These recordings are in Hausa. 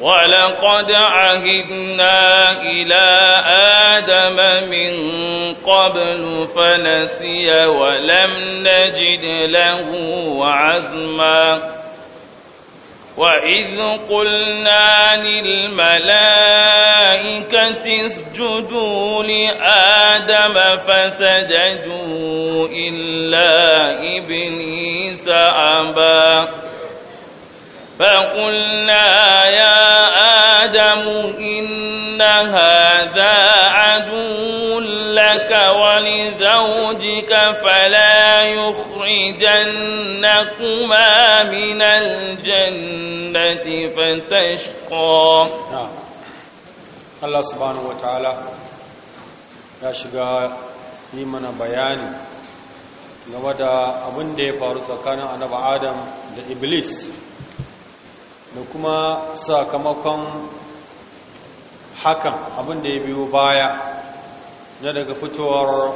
ولقد عهدنا إلى آدم من قبل فنسي ولم نجد له عزما وإذ قلنا للملائكة اسجدوا لآدم فسجدوا إلا إبليس أبا فقلنا يا آدم إن هذا عدو لك ولزوجك فلا يخرجنكما من الجنة فتشقى Allah subhanahu wa ta’ala ya shiga yi mana bayani game da abin da ya faru tsakanin annaba Adam da Iblis da kuma sakamakon hakan abinda ya biyo baya na daga fitowar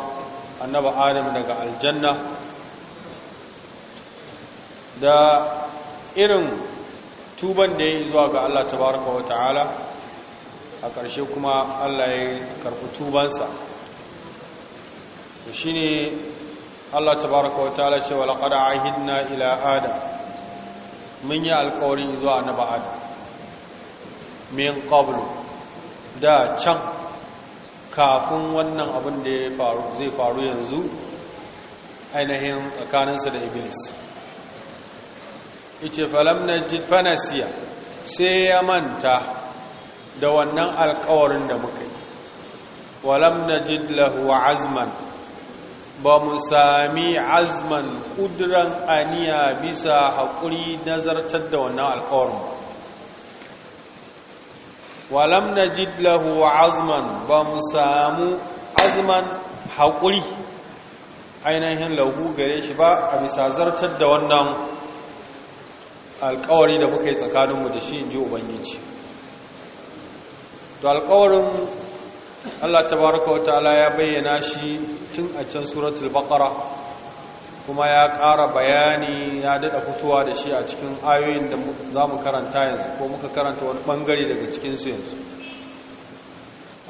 annaba adam daga aljanna da irin tuban da ya yi zuwa ga Allah tabaraka wa ta'ala a ƙarshe kuma Allah ya karɓi tubansa shi ne Allah tabaraka wa ta'ala ce laƙada ahidna ila adam mun yi alkawarin zuwa na ba'ad min qablu da can kafin wannan abin da zai faru yanzu ainihin tsakaninsa da iblis ice falam na fanasiya sai ya manta da wannan alkawarin da muka yi walam na lahuwa azman ba mu sami azman ƙudurar aniya bisa haƙuri nazartar da wannan alƙawarin ba walam na lahu azman ba mu samu azman haƙuri ainihin lagu gare shi ba a bisa zartar da wannan alƙawari da muka yi tsakaninmu da shi in ji ubangiji to alƙawarin Allah tabaraka wa ta'ala ya bayyana shi tun a can suratul baqara kuma ya ƙara bayani ya dada fitowa da shi a cikin ayoyin da za mu karanta yanzu ko muka karanta wani bangare daga cikin su yanzu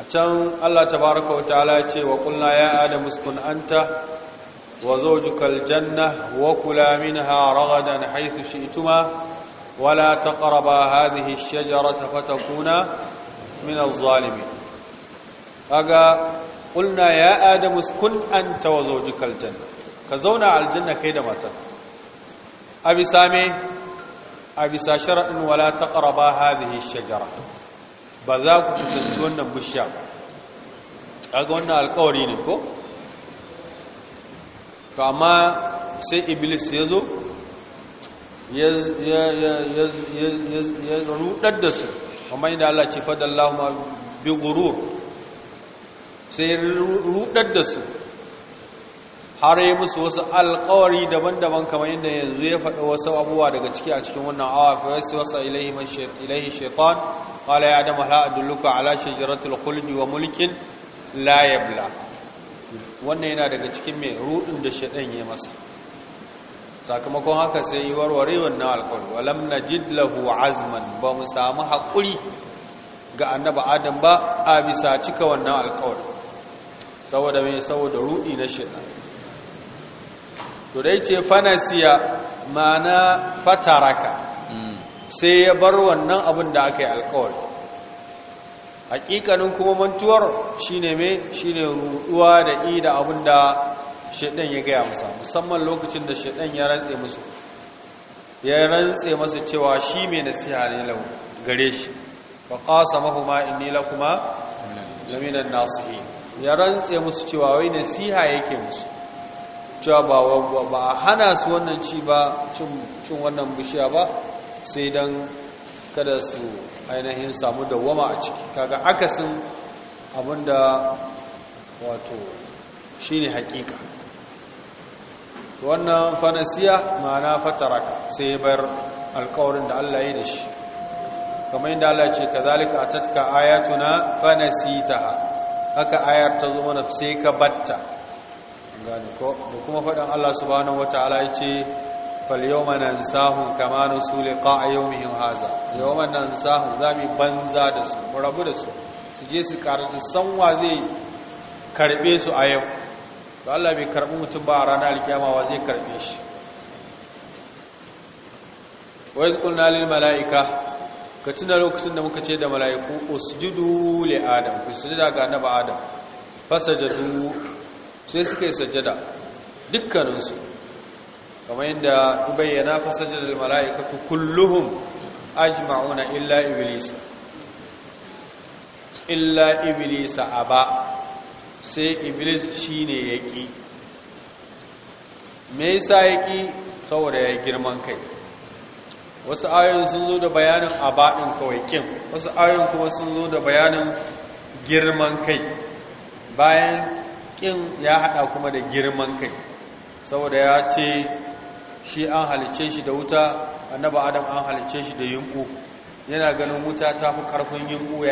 a can Allah tabaraka wa ta'ala ya ce wa qulna ya adamu uskun anta wa zawjukal janna wa kula minha ragadan haythu shi'tuma ولا تقربا shajarata fatakuna min من Zalimi. kaga ƙulna ya adamu kun anta wa zawjukal janna ka zauna aljanna kai da matar same. Abi sa sharadin wala taqraba hadhihi shajara ba za ku kusanci wannan bishiya kaga wannan alƙawari ne ko to amma sai iblis ya zo ya rudar da su amma inda Allah ce fadallahu ma bi gurur sai rudar da su har yi musu wasu alkawari daban-daban kamar yadda yanzu ya faɗi wasu abubuwa daga ciki a cikin wannan awa fi wasu wasu ilahi shekwan qala ya adam hal adulluka ala shajaratul khuldi wa mulkin layabla wannan yana daga cikin mai rudin da shaɗan ya masa sakamakon haka sai yi warware wannan alkawari walam najid lahu azman ba mu samu haƙuri ga annaba adam ba a bisa cika wannan alkawari saboda mai saboda rudi na shaitan to dai ce fanasiya ma'ana fataraka hmm. sai ya bar wannan abin da aka yi alkawar hakikanin kuma mantuwar shine mai ne ruduwa da i da abin da shaidan ya gaya masa musamman lokacin da shaidan ya rantse musu ya rantse masu cewa shi mai nasiha ne lau gare shi ba kasa mahu ma'in nila kuma laminan nasihin ya rantse musu cewa wai nasiha yake musu cewa ba a hana su wannan ci ba cin wannan bishiya ba sai dan kada su ainihin samu dawwama a ciki kaga akasin abinda wato shine hakika wannan fanasiya ma'ana fataraka sai bar alkawarin da Allah ya da shi kamar yadda Allah ce kazalika atatka ayatuna fanasitaha haka ayar ta zo mana sai ka batta gani ko da kuma faɗin Allah subhanahu wataala ya ce yawma nansahum kama nusu qa'a yawmihim haza yawma nansahum zami banza da su rabu da su su je su san wa zai karbe su a yau to Allah bai karbi mutum ba a ranar alkiyama wa zai karbe shi wa iz lil mala'ika ka tuna lokacin da muka ce da mala'iku usjudu li adam ku sujada ga annabi adam fasajadu sai suka yi sajada dukkaninsu kamar yadda bayyana fasajada da mala'ikatu kulluhum ajma'una illa iblis illa iblis aba sai iblis shine yaki me yasa yaki saboda ya girman kai wasu ayoyin sun zo da bayanin abaɗin kawaikin kin wasu ayoyin kuma sun zo da bayanin girman kai bayan kin ya haɗa kuma da girman kai saboda ya ce shi an halice shi da wuta annaba adam an halice shi da yunƙu yana ganin wuta ta fi ƙarfin yunƙu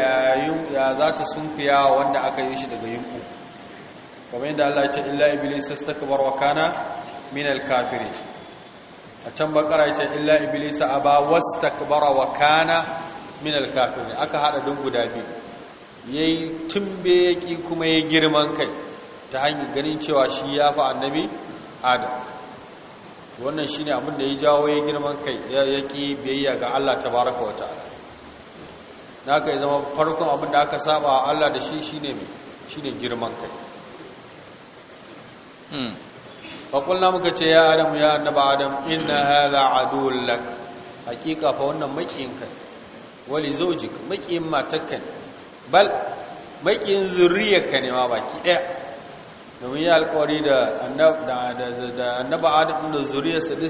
ya za ta sunkuya wanda aka yi shi daga yunƙu kamar yadda Allah ce illa iblis istakbar barwakana minal min a can bakara ya ce illa iblisa aba wastakbara wa kana min alkafirin aka hada don guda biyu yayi tumbe ki kuma ya girman kai ta hanyar ganin cewa shi ya fi annabi adam wannan shine abin da ya jawo ya girman kai ki biyayya ga Allah tabaraka wa ta'ala naka zama farkon abin aka saba Allah da shi shine me shine girman kai hmm. faƙulna muka ce ya adamu ya annaba adam inna hadha aduwwun lak hakika fa wannan makiyinka wali zawjik makiyin matakka bal makiyin zuriyarka ne ma baki ɗaya domin ya alƙawari da annaba adam da zuriyarsa duk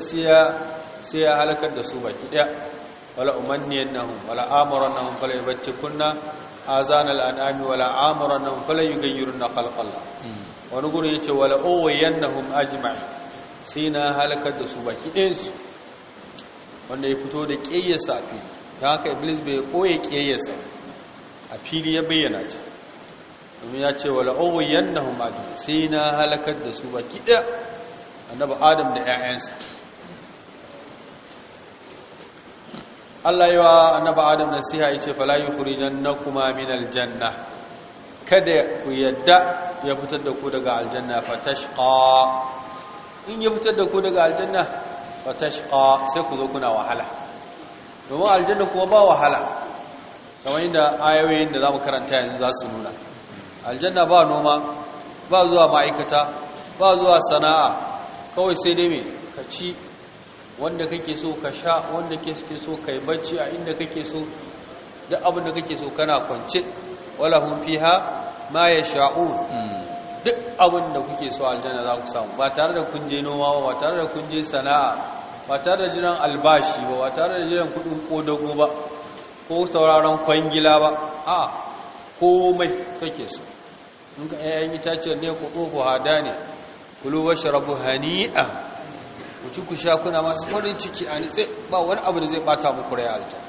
sai ya halakar da su baki ɗaya. wala umanniyannahum wala amurannahum fala yubtikunna azanal anami wala amurannahum fala yughayyirunna khalqallah wani gurin ce wala hun ajma'i sai na halakar da su baki ɗinsu wanda ya fito da ƙiyayyarsa a fili ta haka iblis bai koya ƙiyayyarsa a fili ya bayyana ta domin ya ce wala hun ajma'i sai na halakar da su baki ɗaya annaba adam da 'ya'yansa. Allah yi wa annabi Adam nasiha yace fala kuma minal janna kada ku yadda ya fitar da ku daga aljanna fatashqa in ya fitar da ku daga aljanna fatashqa sai ku zo kuna wahala domin aljanna kuma ba wahala kamar inda ayoyin da zamu karanta yanzu za su nuna aljanna ba noma ba zuwa ma'aikata ba zuwa sana'a kawai sai dai me ka ci wanda kake so ka sha wanda kake so kai bacci a inda kake so duk abin da kake so kana kwance wala hum fiha ma ya sha'un hmm. duk abin da kuke so aljanna za ku samu ba tare da kun je noma ba ba tare da kun je sana'a ba tare da jiran albashi ba ba tare da jiran kudin kodago ba ko sauraron kwangila ba a komai kake so in ka yayin itaciyar ne ku ɗoko hada ne ku wa sharabu hani'a ku ci ku sha kuna masu farin ciki a nitse ba wani abu da zai bata muku rai aljanna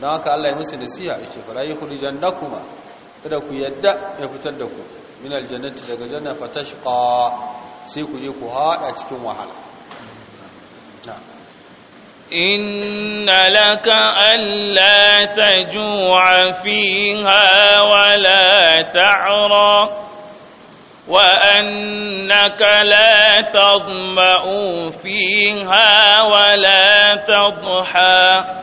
don haka Allah ya musu nasiha ya ce fara yi janna kuma kada ku yadda ya fitar da ku min aljannati daga janna fatashqa sai ku je ku hada cikin wahala inna laka alla tajua fiha wa la ta'ra wa annaka la tadma'u fiha wa la tadha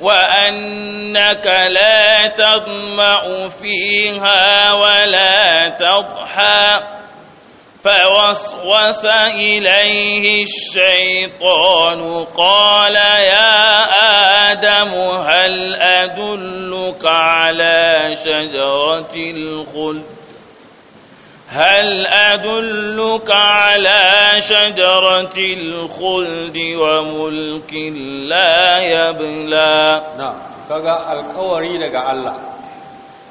وأنك لا تضمأ فيها ولا تضحى فوسوس إليه الشيطان قال يا آدم هل أدلك على شجرة الخلد هل أدلك على شجرة الخلد وملك لا يبلى نعم كذا القوري لك الله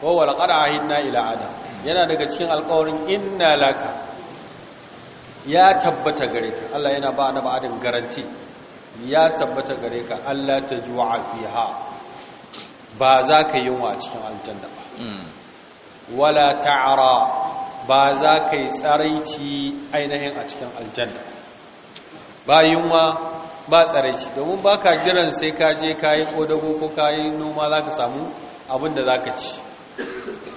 وهو لقد عهدنا إلى عدم yana daga cikin alƙawarin inna laka ya tabbata gare ka Allah yana ba na ba'adin garanti ya tabbata gare ka Allah ta ju'a fiha ba za ka cikin ba wala ba za ka yi tsaraici ainihin a cikin aljanna ba yunwa ba tsaraici domin ba ka jiran sai ka je ka yi ko ka noma za ka samu abin da za ka ci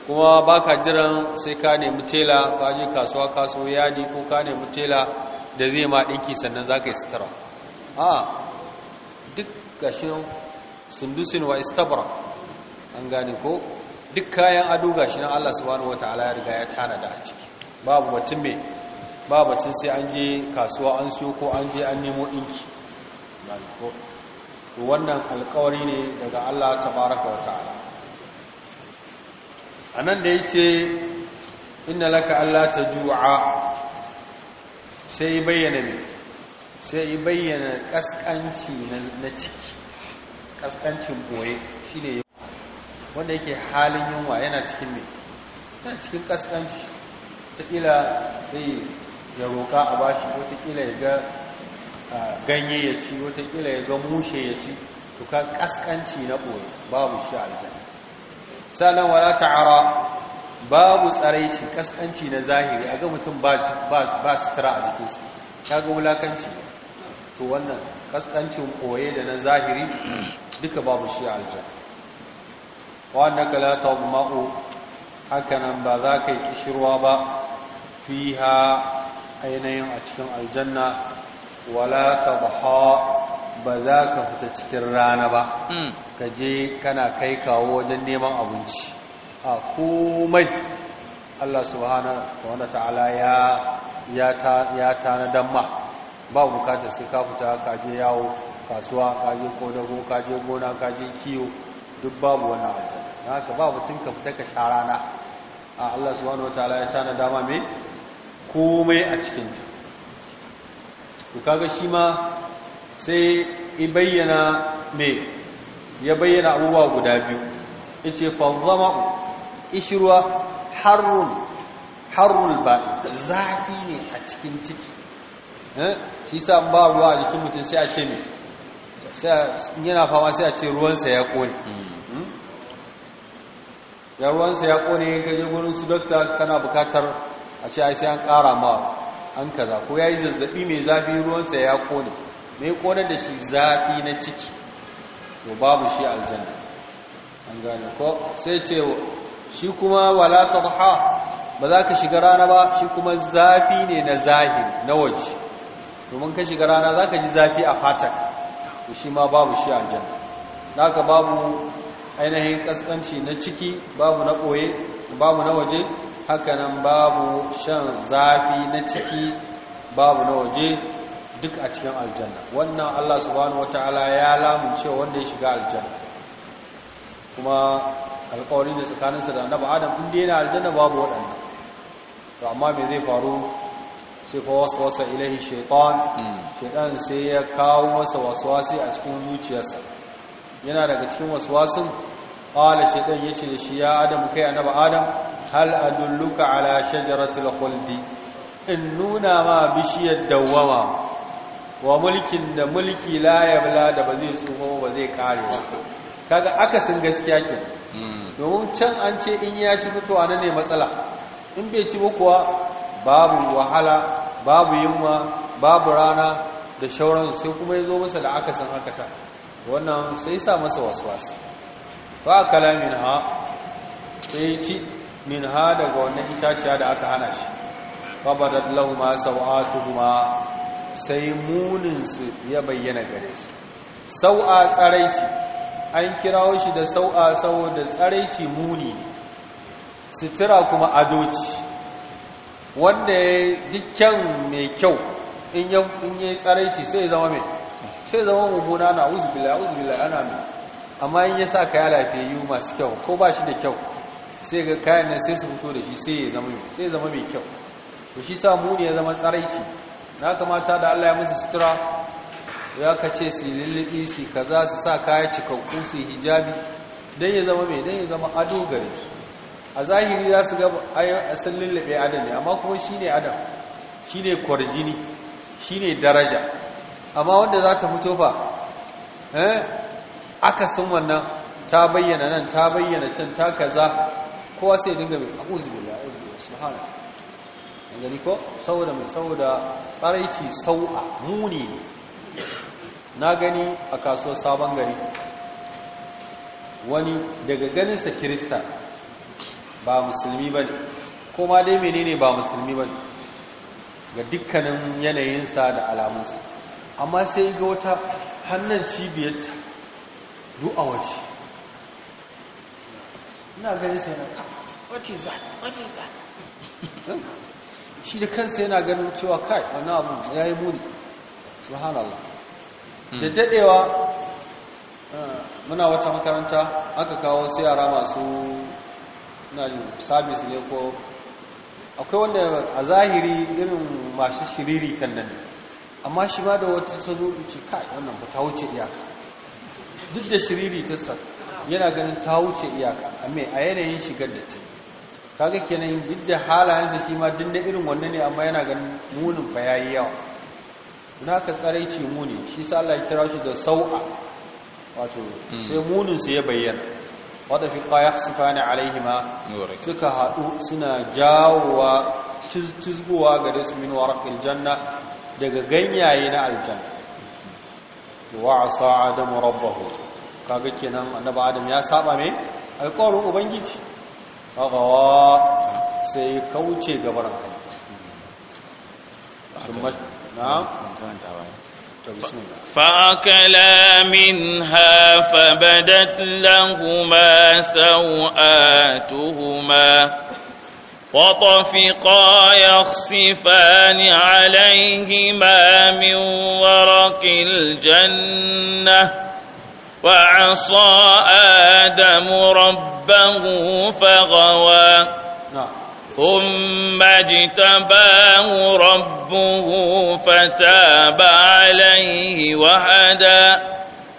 kuma ba ka jiran sai ka nemi tela ka je kasuwa kaso yadi ko ka nemi tela da zai ma ɗinki sannan za ka yi sutura a duk gashin sundusin wa istabra an gane ko duk kayan ado gashi nan Allah subhanahu wataala ya riga ya tanada a ciki babu mutum me babu mutum sai an je kasuwa an siyo ko an je an nemo dinki to wannan alƙawari ne daga Allah tabaraka wataala anan da yace inna laka ta tajua sai bayyana ne sai bayyana kaskanci na ciki kaskancin boye shine wanda yake halin yunwa yana cikin mai yana cikin kaskanci wataƙila sai ya roƙa a bashi wataƙila ya ga ganye ya ci wataƙila ya ga mushe ya ci tuka kaskanci na ɓoye babu shi aljanna sannan wala ta'ara babu tsaraici kaskanci na zahiri a ga mutum ba sutura a jikinsa ta ga wulakanci to wannan kaskancin ɓoye da na zahiri duka babu shi aljanna wanda ka la tazma'u hakanan ba za ka yi kishirwa ba fiha ainihin a cikin aljanna wala baha ba za ka fita cikin rana ba ka je kana kai kawo wajen neman abinci a komai Allah subhanahu wa ta'ala ya ya ta na tanadan ba bukatar sai ka fita ka je yawo kasuwa ka je kodago ka je gona ka je kiyo duk babu wannan aljanu haka ba mutum ka fita ka sha rana a Allah subhanahu wataala ya tana dama mai komai a cikin ta ku kaga shi ma sai i bayyana me ya bayyana abubuwa guda biyu yace fadhama ishruwa harrun harrul ba zafi ne a cikin ciki eh? shi sa ba ruwa a jikin mutum sai a ce me yana fama sai a ce ruwansa ya kone hmm? ya ya kone in kaje gurin su dokta kana bukatar a ce ai sai an kara ma an kaza ko ya yi zazzabi mai zafi ruwansa ya kone me kone da shi zafi na ciki to babu shi aljanna an gane ko sai ce shi kuma wala tadha ba za ka shiga rana ba shi kuma zafi ne na zahiri na waje domin ka shiga rana za ka ji zafi a fatak to shi ma babu shi aljanna naka babu ainihin kaskanci na ciki babu na ɓoye babu na waje hakanan babu shan zafi na ciki babu na waje duk a cikin aljanna wannan Allah subhanahu ta'ala ya lamun cewa wanda ya shiga aljanna kuma alƙawarin da tsakaninsa da annabi Adam inda yana aljanna babu waɗanda to amma mai zai faru sai fa wasu-wasa ilahi shaytan hmm. shaytan sai ya kawo masa wasu-wasu a cikin zuciyarsa yana daga cikin wasu qala shaytan ce da shi ya adam kai annabi adam hal adulluka ala shajaratil khuldi in nuna ma bishiyar dawwama wa mulkin da mulki la yabla da ba zai tsufa ba zai kare ba kaga akasin gaskiya ke hmm. domin can an ce in ya ci mutuwa nan ne matsala in bai ci kuwa babu wahala babu yunwa babu rana da shauran sai kuma ya zo masa da akasin hakata wannan sai sa masa waswas ba kala min ha sai ci min ha daga wannan itaciya da aka hana shi fabadat lahuma sawatuhuma sai munin ya bayyana gare su sau'a tsaraici an kirawo shi da sau'a saboda tsaraici muni sitira kuma kuma adoci wanda ya dukkan mai kyau in ya tsaraici sai zama mai sai zama mummuna na uzbila uzubila ana mai amma in ya sa kaya lafiyayyu masu kyau ko ba shi da kyau sai ga kayan nan sai su fito da shi sai ya zama sai mai kyau to shi sa muni ya zama tsaraici na kamata da Allah ya musu sutura ya kace su lullubi su kaza su sa kaya cikakku su hijabi don ya zama mai don ya zama ado gare su a zahiri za su ga sun lullube adam ne amma kuma shine adam ne kwarjini shine daraja amma wanda za ta fito fa eh san wannan ta bayyana nan ta bayyana can ta kaza kowa sai dinga bi a'udhu billahi a'udhu billahi subhanallah gani ko saboda mai saboda tsaraici sau'a muni ne na gani a kasuwar sabon gari wani daga ganinsa kirista ba musulmi ba ne ko ma dai menene ba musulmi ba ne ga dukkanin yanayinsa da alamunsa amma sai ga wata hannun cibiyarta du'a waje ina gani sai na ka ah, what is that shi da kansa yana ganin cewa kai wannan abu ya yi muni subhanallah hmm. da dadewa eh, muna wata makaranta aka kawo sai yara masu na sabis ne ko akwai wanda a zahiri irin masu shiriri can nan ne amma shi ba da wata ta ce kai wannan ba ta wuce iyaka duk da shiriri ta sa yana ganin ta wuce iyaka a mai a yanayin shigar da ta kaga kenan duk da halayensa shi ma duk da irin wannan ne amma yana ganin munin ba yayi yawa na ka ce muni shi sa Allah ya kira shi da sau'a wato sai hmm. munin sa ya bayyana wata fi qaya sifani alaihima suka hadu suna jawowa cizguwa ga rasmin warqil janna daga ganyaye na aljan wa asa adam rabbahu kaga kenan annabi adam ya saba me alƙawarin ubangiji fagawa sai kauce gabaran kai فأكلا منها فبدت لهما سوآتهما وطفقا يخصفان عليهما من ورق الجنة وعصى آدم ربه فغوى نعم. ثم اجتباه ربه فتاب عليه وهدى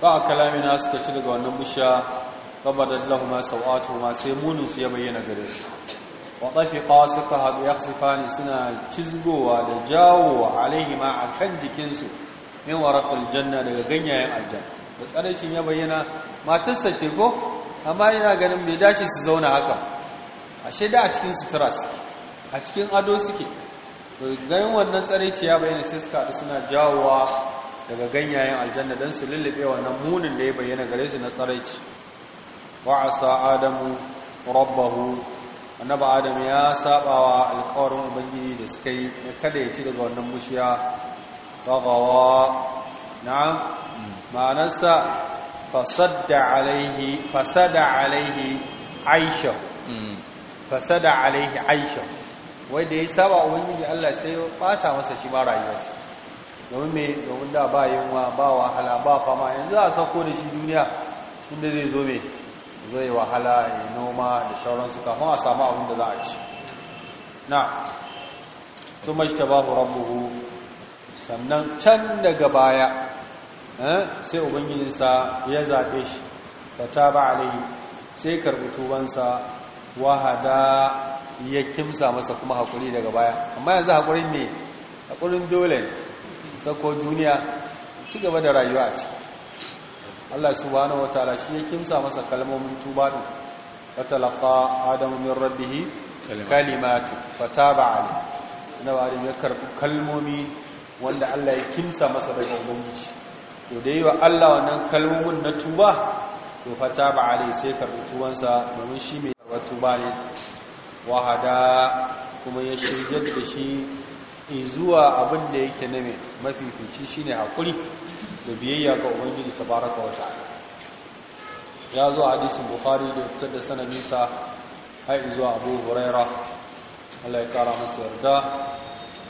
بعد كلام الناس كشرق ونبشا فبدت لهما سوآتهما سيمون سيبين قريش waɗafiƙa suka haɗu ya suna cizgowa da jawo alaihima a kan jikinsu min warakul janna daga ganyayen aljanna da tsaraicin ya bayyana matarsa ce ko amma yana ganin bai dace su zauna haka a shaida a cikin sutura suke a cikin ado suke ganin wannan tsaraici ya bayyana sai suka haɗu suna jawowa daga ganyayen aljanna don su lullube wannan munin da ya bayyana gare su na tsaraici wa'asa adamu rabbahu annabi adam ya sabawa alƙawarin ubangiji da suka yi kada ya ci daga wannan Ba bagawa na ma'anarsa fasada alaihi fasada aisha mm. fasada alaihi aisha wai ya saba ubangiji Allah sai ya bata masa shi ba rayuwarsa domin me domin da ba yunwa ba wahala ba fama yanzu a sako da shi duniya inda zai zo me zai wahala ya noma da shauransu kafin a samu abin da za a ci na su mashi ta babu rabuhu sannan can daga baya eh, sai ubangijinsa ya zaɓe shi ba ta ba sai karɓi tubansa wahada ya kimsa masa kuma haƙuri daga baya amma yanzu haƙurin ne haƙurin dole sako duniya ci gaba da rayuwa a ciki Allah subhanahu wataala shi ya kimsa masa kalmomin tuba din fatalaqa adamu min rabbih kalimatu fataba alayhi annabi adam ya karbi kalmomi wanda Allah ya kimsa masa daga ubangiji to dai wa Allah wannan kalmomin na tuba to fataba alayhi sai karbi tubansa domin shi mai karbar tuba ne wahada kuma ya shirya da shi zuwa abin da yake na mafifici shine hakuri da biyayya ga Ubangiji ta baraka wata. Ya zo hadisin Bukhari da fitar da sanar nisa har zuwa Abu Huraira, Allah ya kara masu yarda,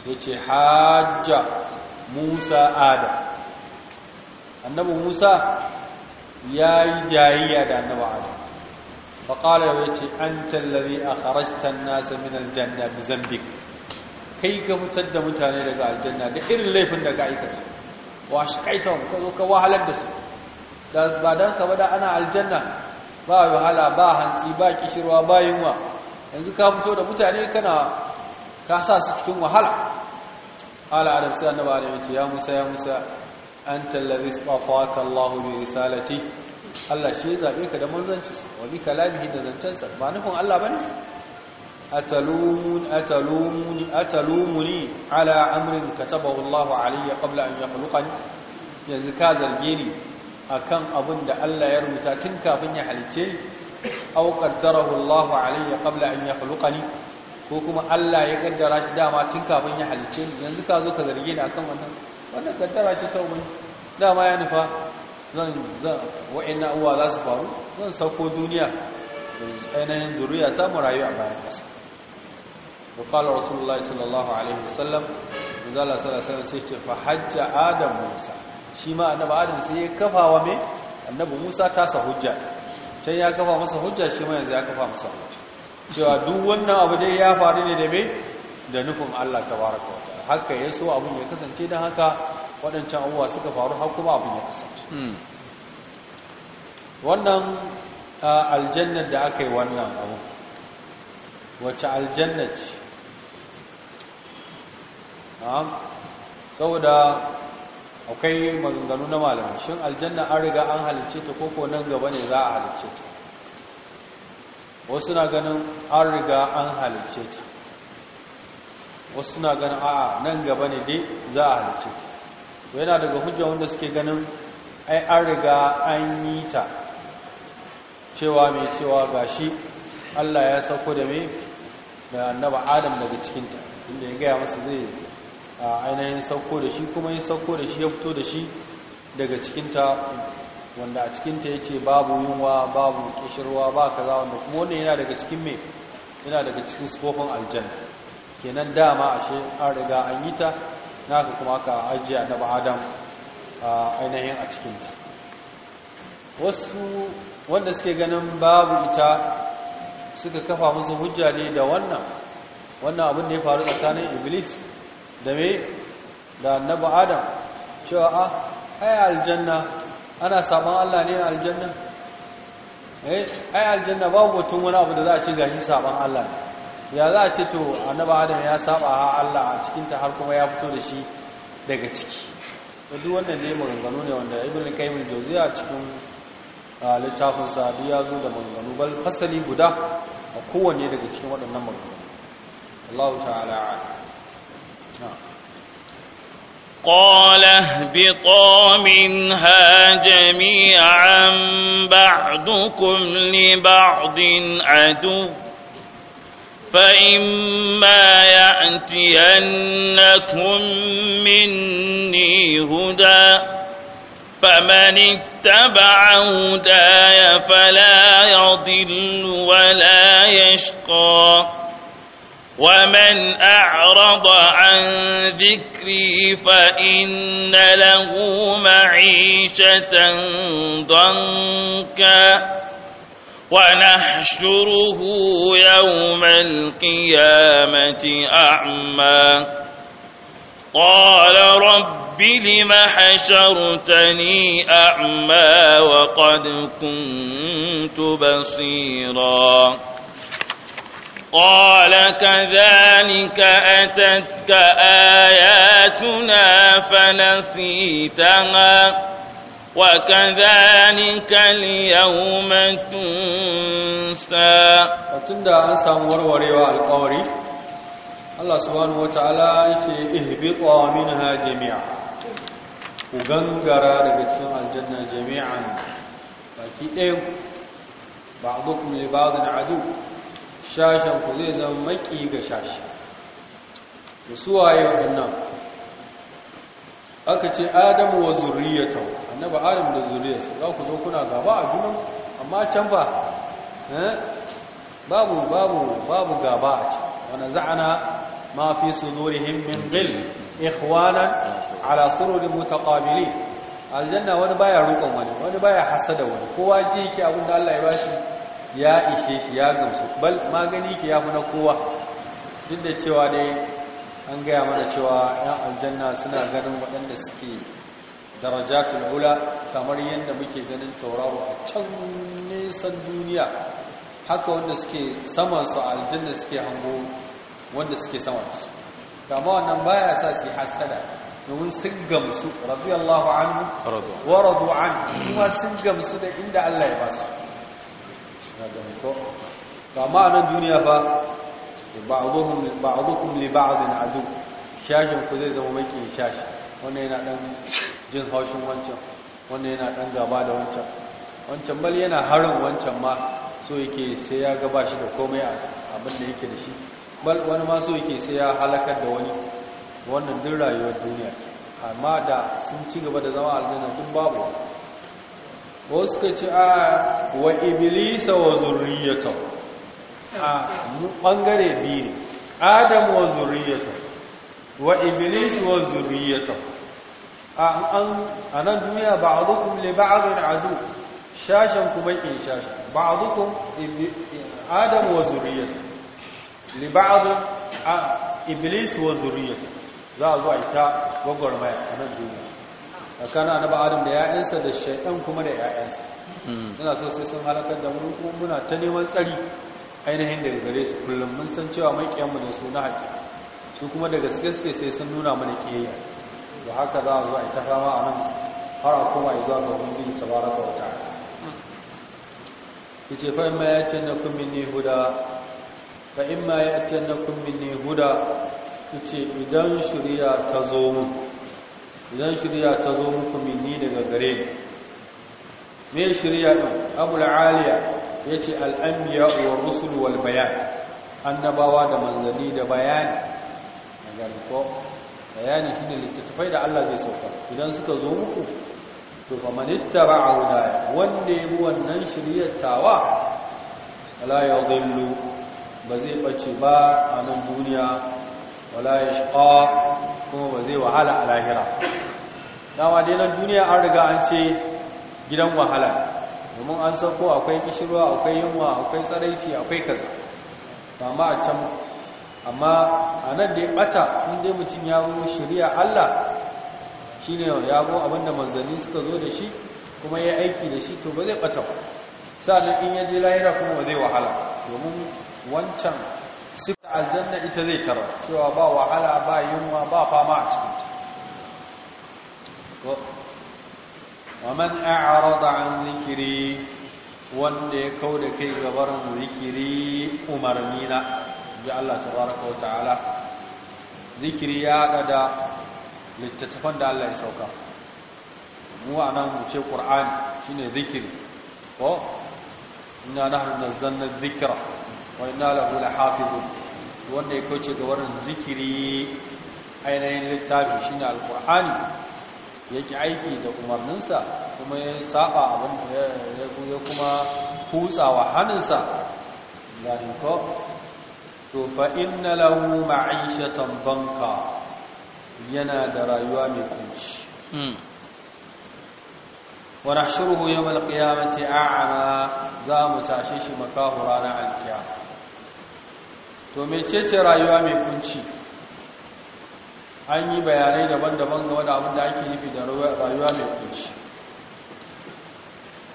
ya ce, Hajja Musa Ada. Annabu Musa ya yi jayiya da annabu Ada. Faƙala ya ce, An tallari a harashtan nasa min aljanna bi zambik. Kai ga mutar da mutane daga aljanna da irin laifin daga aikata. wa shaqaitahum ka zo ka wahalar da su da ba dan ka ba da ana aljanna ba wahala ba hantsi ba kishirwa ba yunwa yanzu ka fito da mutane kana ka sa su cikin wahala ala adam sai annabi adam yace ya musa ya musa anta allazi istafaka allah bi risalati Allah shi ya zabe ka da manzancin sa wa bi kalamihi da sa ba nufin Allah bane atalumuni atalumuni atalumuni ala amrin katabahu Allah alayya qabla an yakhluqani yanzu ka zarge ni akan abin da Allah ya rubuta tun kafin ya halice ni aw qaddarahu Allah alayya qabla an ko kuma Allah ya kaddara shi dama tun kafin ya halice ni yanzu ka zo ka zarge ni akan wannan wannan kaddara ce ta ubangiji dama ya nufa zan zan uwa za su faru zan sauko duniya ainihin zuriya ta mu rayu a bayan ƙasa وقال رسول الله sallallahu alaihi عليه وسلم Allah sallallahu صلى الله عليه وسلم فحج hajja موسى shi ma annabi adam sai ya kafa me annabi musa ta sa can ya kafa masa hujja shi ma yanzu ya kafa masa hujja cewa duk wannan abu dai ya faru ne da me da nufin Allah tabaraka wa ta'ala haka ya so abun kasance dan haka waɗancan abubuwa suka faru har kuma abun ya kasance wannan aljannar da aka yi wannan abu wacce aljannar ce saboda akwai maganganu na malamai shin aljanna an riga an halicce ta koko nan gaba ne za a halicce ta wasu na ganin an riga an halicce ta wasu na ganin a'a nan gaba ne dai za a halicce ta yana daga hujja wanda suke ganin ai an riga an yi ta cewa mai cewa gashi Allah ya sauko da mai da annaba adam daga cikinta inda ya gaya masa zai a ainihin sauko da shi kuma yin sauko da shi ya fito da shi daga cikinta wanda a cikinta ya ce babu yunwa babu kishirwa ba kaza wanda kuma wannan yana daga cikin mai yana daga cikin sufofin aljan kenan dama ashe an riga an yi ta na ka kuma ka ajiye ba adam ainihin a cikinta wasu wanda suke ganin babu ita suka kafa musu hujja ne da wannan wannan abin da ya faru tsakanin iblis da me da annabi adam cewa a ah, ai aljanna ana saban Allah ne aljanna eh ai aljanna babu mutum wani abu da za a ce gashi saban Allah ya za a ce to annabi adam ya saba a Allah a cikin ta har kuma ya fito da shi daga ciki to duk wannan ne maganganu ne wanda ibn qayyim al-jawziya cikin littafin sa ya zo da maganganu bal fasali guda a kowanne daga cikin waɗannan maganganu Allahu ta'ala a'lam قال اهبطا منها جميعا بعضكم لبعض عدو فإما يأتينكم مني هدى فمن اتبع هداي فلا يضل ولا يشقى ومن أعرض عن ذكري فإن له معيشة ضنكا ونحشره يوم القيامة أعمى قال رب لم حشرتني أعمى وقد كنت بصيراً قال كذلك أتتك آياتنا فنسيتها وكذلك اليوم تنسى فتند أنسى مروري والقوري الله سبحانه وتعالى إهبطا منها جميعا وغنقر لبتشن الجنة جميعا فكي ايو بعضكم لبعض عدو shashen ku zai zama maki ga shashi musuwaye waɗannan aka ce adamu wa zurriyatan annaba adam da zuriyarsa za ku zo kuna gaba a junan amma can ba eh, babu babu babu gaba a can wani za'ana ma fi zuri himmin bil ikhwanan ala sururin mutaqabilin aljanna wani baya roƙon wani wani baya hasada wani kowa ji abinda Allah ya bashi ya ishe shi ya gamsu bal magani ki ya fi na kowa duk da cewa dai an gaya mana cewa yan aljanna suna ganin waɗanda suke darajatul ula kamar yadda muke ganin tauraro a can nisan duniya haka wanda suke samansu a aljanna suke hango wanda suke samansu kama wannan baya sa su hasada domin sun gamsu radiyallahu anhu wa radu an kuma sun gamsu da inda Allah ya basu amma a nan duniya fa a ba'dhukum li ba'din adu shashin ku zai zama maki shashi wannan yana dan jin haushin wancan wannan yana dan gaba da wancan wancan bal yana harin wancan ma so yake sai ya ga bashi da komai abin da yake da shi bal wani ma so yake sai ya halakar da wani wannan duk rayuwar duniya amma da sun ci gaba da zama aljanna tun babu wasu ka ce a wa iblisa wa zurriyatan a ɓangare biyu ne adam wa zurriyatan wa iblis wa zurriyatan a nan duniya ba a zukun le ba a zurin adu shashen kuma ƙin shashen ba a zukun adam wa zurriyatan le ba a zun iblis wa zurriyatan za a zuwa ita gwagwarmaya a nan duniya tsakanin annabi adam da ya'yansa da shaidan kuma da ya'yansa suna hmm. so sai sun halakar da mu kuma muna ta neman tsari ainihin da gare su kullum mun san cewa mai kiyanmu da su na haƙi su kuma da gaske suke sai sun nuna mana kiyayya da haka za a zo a yi ta fama a nan har a kuma a zuwa ga hundi ta bara wata ku ce fa'in ma ya ce na kun ne huda fa'in ma ya ce na kun ne huda ce idan shirya ta zo mu. idan shirya ta zo muku minni daga gare ni me shirya din abul aliya yace al anbiya wa rusul wal bayan annabawa da manzanni da bayani daga ko bayani shine littattafai da Allah zai sauka idan suka zo muku to fa manittaba hudaya wanda yabi wannan shiryar tawa la yadhillu ba zai ɓace ba a nan duniya wala ya yashqa kuma ba zai wahala a lahira dama dai nan duniya an riga an ce gidan wahala domin an san ko akwai kishirwa akwai yunwa akwai tsaraici akwai kaza amma a can amma a nan da ya bata in dai mutum ya ruwa shari'a Allah shi ne ya go abinda manzanni suka zo da shi kuma ya aiki da shi to ba zai bata ba sa'adun in ya lahira kuma ba zai wahala domin wancan sifta aljanna ita zai tara cewa ba wahala ba yunwa ba fama a cikinta wa man a'rada an zikiri wanda ya kau da kai gabar zikiri umarni na ji Allah tabaraka wa ta'ala zikiri ya hada da littattafan da Allah ya sauka mu anan mu ce qur'ani shine zikiri ko inna nahnu nazzalna dhikra wa inna lahu lahafizun wanda ya kauce ga wannan zikiri ainihin littafi shine alqur'ani yake aiki da umarninsa kuma ya saba abin da ya kuma kutsawa hannunsa ko to fa inna lahu ma'ishatan banka yana da rayuwa mai kunci hmm. wa nahshuruhu yawm al-qiyamati a'ma za mu tashe shi makahu ranar al to mecece rayuwa mai kunci an yi bayanai daban-daban game da abin da ake nufi da rayuwa mai kunci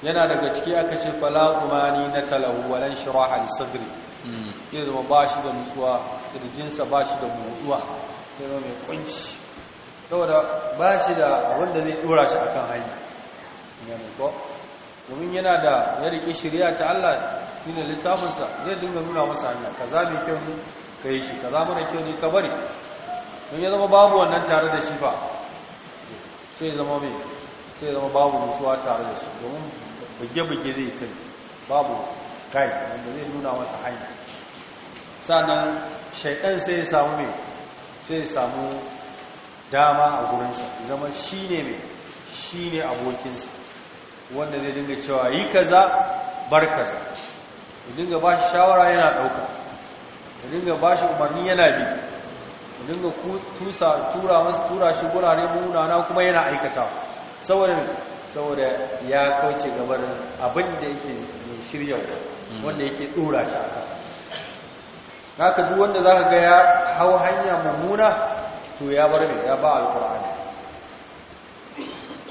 yana daga ciki aka ce fala umani na talahu walan shiraha li sadri ya hmm. zama ba shi da nutsuwa kirjinsa ba shi da motsuwa ya zama mai kunci saboda ba shi da wanda zai dora shi akan hanya domin yana da ya riƙe shirya ta Allah shi ne littafinsa zai dinga nuna masa hanya ka za mai kyau ne ka yi shi ka za mara kyau ne ka bari don ya zama babu wannan tare da shi ba sai zama mai sai zama babu nutsuwa tare da shi domin buge-buge zai tun babu kai wanda zai nuna masa hanya sannan shaidan sai ya samu mai sai ya samu dama a gurinsa zama shi ne mai shi ne abokinsa wanda zai dinga cewa yi kaza bar kaza dinga ba shi shawara yana ɗauka dinga ba shi umarni yana bi ya dinga tusa tura masu tura shi gurare munana kuma yana aikata saboda saboda ya kauce gabar abin da yake shirya hmm. wanda yake dora shi aka haka duk wanda za ka ga ya hau hanya mummuna to ya bar ne ya ba alkur'ani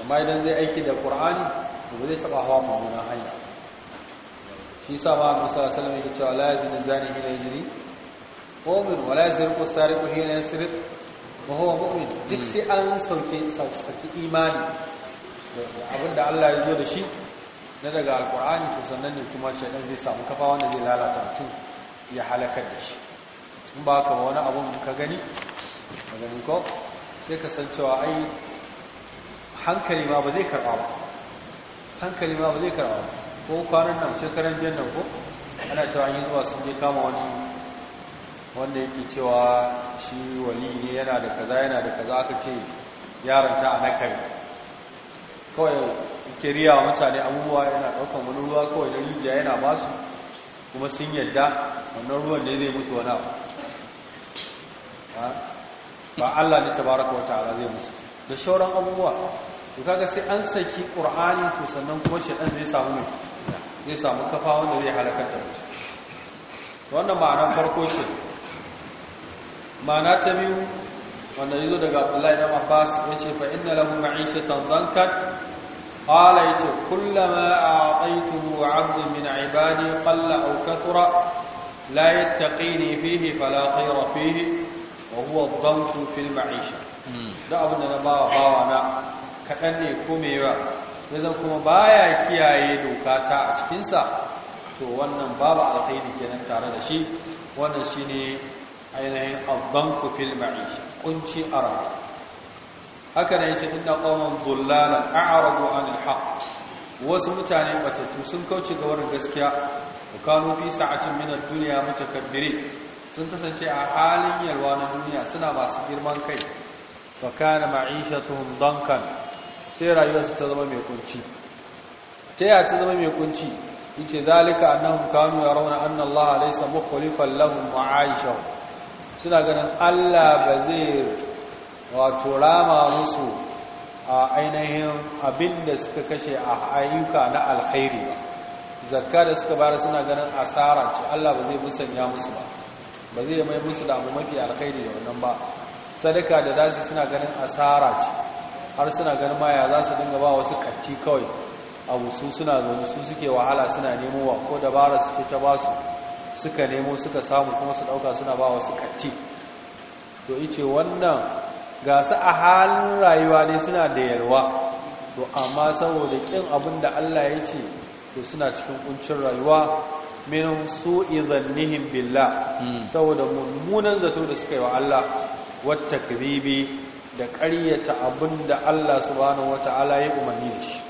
amma idan zai aiki da kur'ani to zai taɓa hawa mummunan hanya shi sa ma annabi sallallahu alaihi wasallam yake cewa la yazni zani hina yazni mu'min wala yasriqu sariqu hina yasriq wa huwa mu'min duk sai an sauke sauke imani abinda Allah ya zo da shi na daga alkur'ani to sannan ne kuma shaidan zai samu kafa wanda zai lalata mutum ya halakar da shi in ba ka wani abu da ka gani maganin ko sai ka san cewa ai hankali ma ba zai karba ba hankali ma ba zai karba ba ko kwanan nan shekaran jiyan nan ko ana cewa yi zuwa sun je kama wani wanda yake cewa shi wali ne yana da kaza yana da kaza aka ce yaranta a nakari kawai ke riya wa mutane abubuwa yana ɗaukan wani ruwa kawai da rijiya yana ba su kuma sun yadda wannan ruwan ne zai musu wani ba Allah ne tabaraka wata ala zai musu da shauran abubuwa to kaga sai an saki qur'ani to sannan kuma shedan zai samu ne zai samu kafa wanda zai halakar da mutum wannan ma'anar farko shi ma'ana ta biyu wanda yazo daga Abdullahi ibn Abbas yace fa inna lahu ma'ishatan dhankan qala yace kullama a'taytuhu 'abdan min 'ibadi qalla aw kathura la yattaqini fihi fala khayra fihi wa huwa adh-dhanku fil ma'isha hmm. da abin da na bawa bawa na kaɗan ne ko mai yawa ya zan kuma baya kiyaye doka ta a cikinsa to wannan babu alkhairi kenan tare da shi wannan shi ne ainihin azbanku fil ma'isha kunci a rana. haka ne yace inna qawman a arabu an ilha wasu mutane batattu sun kauce ga wurin gaskiya da kano fi sa'atin minar duniya dunya sun kasance a halin yalwa na duniya suna masu girman kai fa kana ma'ishatuhum dankan sai rayuwarsu ta zama mai kunci ta yaya ta zama mai kunci ce, zalika annahum kanu yarawna anna Allah laysa mukhlifan lahum ma'aisha suna ganin Allah ba zai wato rama musu a ainihin abinda suka kashe a ayyuka na alkhairi ba zakka da suka bara suna ganin asara ce Allah ba zai musanya musu ba ba zai mai musu da abu mafi alkhairi da wannan ba sadaka da dasi suna ganin asara ce har suna ganin maya za su dinga ba wasu katti kawai a wusu suna zaune su suke wahala suna nemo wa ko dabara su ce ta ba su suka nemo suka samu kuma su ɗauka suna ba wasu katti to ice wannan ga su a halin rayuwa ne suna da yalwa to amma saboda kin abin da allah ya ce to suna cikin kuncin rayuwa min su zannihim billah hmm. saboda mummunan zato da suka yi wa allah wata kribi da ƙaryata abin da Allah subhanahu ta'ala ya umarni da shi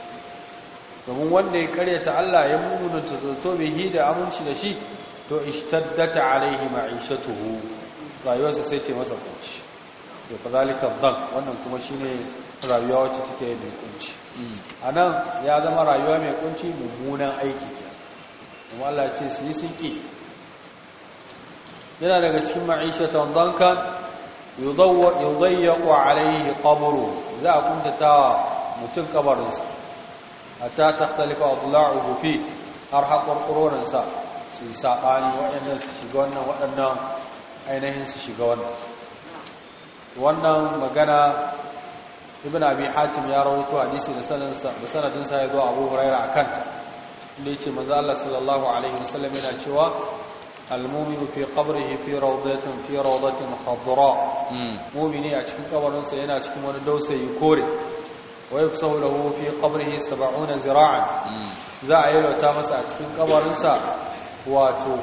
domin wanda ya ƙaryata Allah ya mununa mai hi da aminci da shi to ishtaddata alaihi ma'ishatuhu rayuwarsa sai ta masa kunci da fadalika zan wannan kuma shi ne rayuwa wacce take mai kunci a nan ya zama rayuwa mai kunci mummunan aiki kuma Allah ce su yi sun ki yana daga cikin ma'ishatan dankan yudayyaku alaihi qabru za a kuntata mutum kabarinsa hatta takhtalifa adla'uhu fi har haƙon ƙororinsa su yi saɓani waɗannan su shiga wannan waɗannan ainihin su shiga wannan wannan magana ibn abi hatim ya rawaito hadisi da sanadinsa ya zo abu huraira a kanta inda ya ce manzo Allah sallallahu alaihi wasallam yana cewa المؤمن في قبره في روضة في روضة خضراء مؤمني yana cikin wani dausayi kore يكوري ويكسه له في قبره سبعون زراعا za a yalwata masa a cikin kabarinsa wato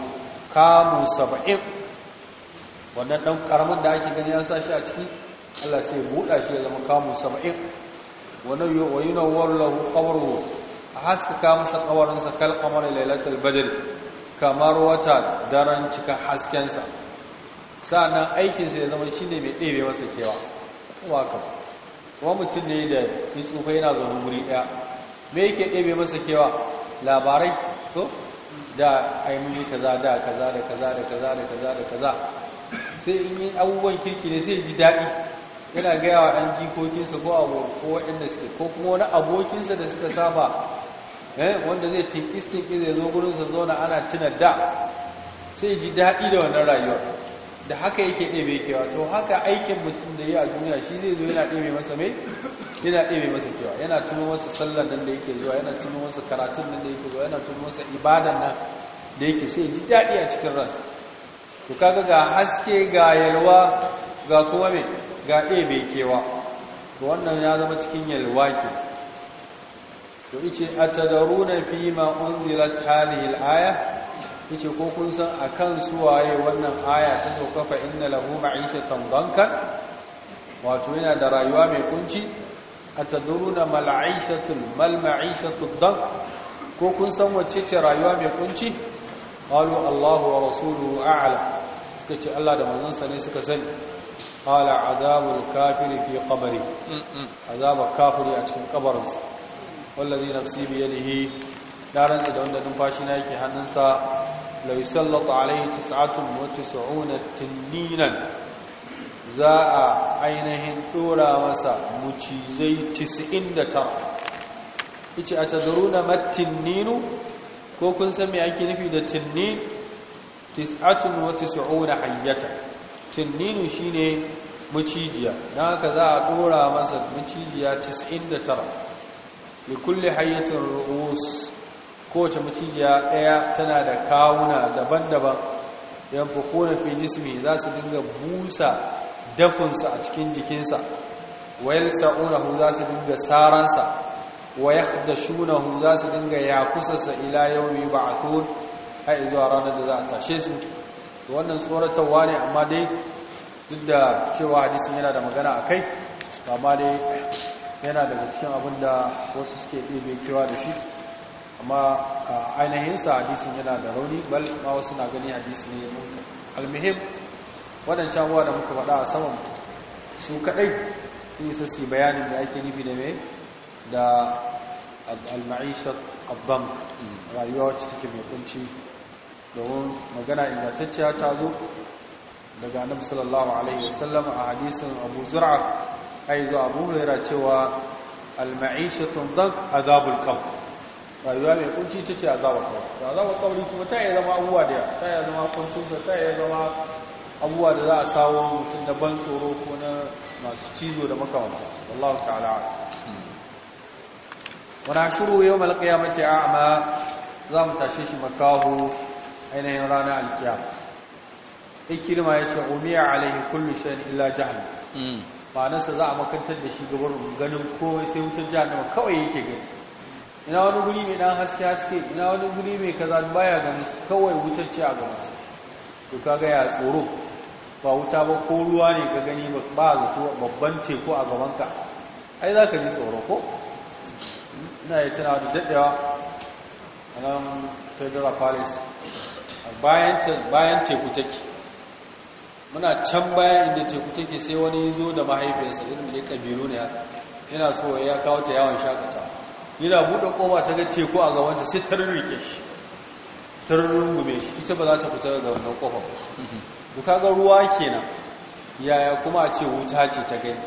kamu saba'in wannan ɗan ƙaramin da ake gani an sa shi a ciki allah sai buɗa shi ya zama kamu saba'in wani yi na warlahu ƙawarwa a haskaka masa ƙawarinsa kal kamar lailatul badr kamar wata daren cikin haskensa sa'annan aikinsa ya zama shi ne mai ɗebe masa kewa kuma ka kuma mutum ne da yi tsufa yana zaune wuri ɗaya me yake ɗebe masa kewa labarai to da aimuni kaza da kaza da kaza da kaza da kaza da kaza sai in yi abubuwan kirki ne sai ji daɗi yana gaya wa ɗan jikokinsa ko abu ko waɗanda suke ko kuma wani abokinsa da suka saba Eh, wanda zai tinkis-tinkis ya zo sa zauna ana tuna da sai ji daɗi da wannan rayuwar da haka yake ɗebe kewa to haka aikin mutum da yi a duniya shi zai zo yana ɗebe masa mai yana ɗebe masa kewa yana tuno masa sallar nan da yake zuwa yana tuno masa karatun nan da yake zuwa yana tuno masa ibadan nan da yake sai ji daɗi a cikin ransa to kaga ga haske ga yalwa ga kuma mai ga ɗebe kewa to wannan ya zama cikin yalwa ke to yace atadaruna fi ma unzilat hadhihi al yace ko kun san akan suwaye wannan aya ta sauka fa inna lahu ma'ishatan dankan wato yana da rayuwa mai kunci ataduruna mal aishatul mal ma'ishatud dank ko kun san wacce ce rayuwa mai kunci qalu Allahu wa rasuluhu a'lam suka ce Allah da manzansa ne suka sani qala adabul kafiri fi qabri azabul kafiri a cikin kabarinsa wallazi nafsi bi yadihi na rantsa da wanda numfashi na yake hannunsa law yusallatu alayhi tis'atun wa tis'una tinninan za a ainihin dora masa mucizai 99 yace atadruna matinninu ko kun san me ake nufi da tinnin tis'atun wa tis'una hayyata tinninu shine mucijiya don haka za a dora masa mucijiya 99 li kulli hayyatin ru'us kowace mutijiya daya tana da kawuna daban-daban yanfukuna fi jismi za su dinga busa dafinsa a cikin jikinsa wa yalsa'unahu za su dinga saransa wa yakhdashunahu za su dinga ya yakusasa ila yawmi ba'thun har zuwa ranar da za a tashe su wannan tsoratarwa ne amma dai duk da cewa hadisin yana da magana a kai amma dai yana daga cikin abin da wasu suke ɗebe kewa da shi amma ainihinsa hadisin yana da rauni bal ma wasu na gani hadisi ne almihim waɗancan ruwa da muka faɗa a saman su kaɗai in isa su bayanin da ake nufi da mai da al-ma'ishar rayuwa wacce take mai kunci domin magana ingantacciya ta zo daga annabi sallallahu alaihi wasallam a hadisin abu zur'a ai zuwa abu huraira cewa al-ma'ishatun dag azabul qabr rayuwa mai kunci ita ce azabar kabari da azabar kabari kuma ta iya zama abubuwa da ta iya zama kuncinsa ta iya zama abubuwa da za a sawo mutum da ban tsoro ko na masu cizo da makamanta wallahu ta'ala wa nashuru yawmal qiyamati a'ma za mu tashe shi makahu ainihin ranar alkiyama ikirma ya ce umiya alaihi kullum shay'in illa jahannam hmm. ma'anarsa za a makantar da shi gabar ganin kowai sai wutar jahannama kawai yake gani ina wani guri mai dan haske haske ina wani guri mai kaza baya ganin su kawai wutar ce a gabansa to kaga ya tsoro ba wuta ba ko ruwa ne ka gani ba zato babban teku a gaban ka ai za ka ji tsoro ko ina ya tana da daɗewa a nan federal palace bayan teku take muna can baya inda teku take sai wani zo da mahaifiyarsa irin da ya kabilu ne haka yana so ya kawo ta yawon shakata yana buɗe koma ta ga teku a gabanta sai ta rurrike shi ta shi ita ba za ta fita daga wannan kofa ka ga ruwa kenan yaya kuma a ce wuta ce ta gani